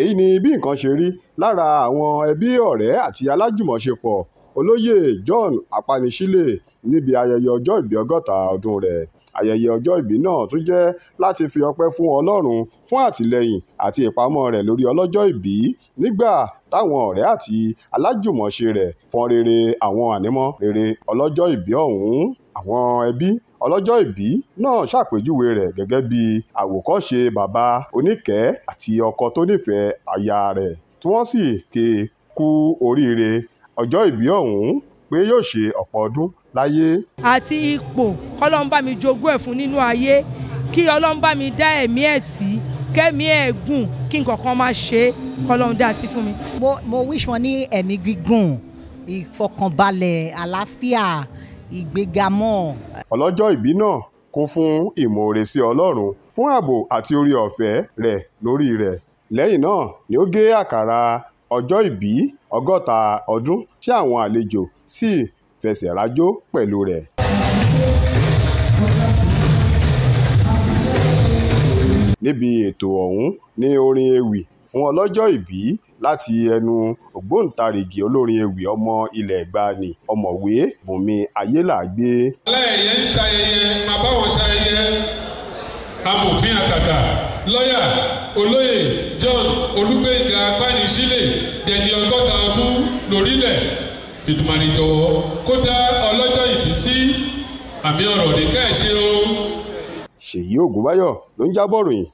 èyí ni bí nǹkan ṣe rí lára àwọn ẹbí ọ̀rẹ́ àti alájùmọ̀ṣepọ̀ olóyè john apanisílẹ̀ níbi ayẹyẹ ọjọ́ ìbí ọgọ́ta ọdún rẹ̀ ayẹyẹ ọjọ́ ìbí náà tún jẹ́ láti fi ọpẹ́ fún ọlọ́run fún àtìlẹ́yìn àti ìpamọ́ rẹ̀ lórí ọlọ́jọ́ ìbí nígbà táwọn ọ̀rẹ́ àti alájùmọ̀ṣe rẹ̀ fọn rere àwọn ànímọ́ rere ọlọ́jọ́ ìbí ọ̀hún àwọn ẹbí ọlọ́jọ́ ìbí náà ṣàpèjúwe rẹ̀ gẹ́gẹ́ bí àwòkọ́ṣe bàbá oníkẹ́ àti ọkọ tó nífẹ̀ẹ́ aya rẹ̀ tí wọ́n sì ké kú oríire ọjọ́ ìbí ọ̀hún pé yóò ṣe ọ̀pọ̀ ọdún láyé. àti ipò kọ́lọ́n mi jogún ẹ̀ fún nínú ayé kí ọlọ́n mi dá ẹ̀mí ẹ̀ sí kẹ́mi ẹ̀ gùn kí nǹkan kan má ṣe kọ́lọ́n dá sí fún mi. mo mo wish wọn ní ẹ̀mí gígùn ìfọkànbalẹ̀ àlàáfíà ìgbégamọ́. ọlọ́jọ́ ìbí náà kún fún ìmoore sí ọlọ́run fún ààbò àti orí ọ̀fẹ́ rẹ̀ lórí rẹ̀ lẹ́yìn náà ni ó gé àkàrà ọjọ́ ìbí ọgọ́ta ọdún tí àwọn àlejò sì fẹsẹ̀ rájó pẹ̀lú rẹ̀. níbi ètò ọ̀hún ni orin ewì fún ọlọ́jọ́ ìbí láti ẹnu ògbóǹtarìgì olórin ewì ọmọ ilẹ̀ ìgbàanì ọ̀mọ̀wé bùnmi ayélàgbé. alẹ́ ẹ̀yẹ ń ṣayẹyẹ màá bá wọn ṣayẹyẹ amòfin àtàtà lọ́yà olóyè John Olúgbénga Gbanisílẹ̀ dẹni ọgọ́ta ọdún lórílẹ̀ Èdùmàrè jọ̀wọ́ kó dá ọlọ́jọ́ ìbí sí àmì ọ̀rọ̀ nìkẹ́ ṣe o. Ṣèyí Ògúnbáyọ̀ ló ń jábọ̀ ròyìn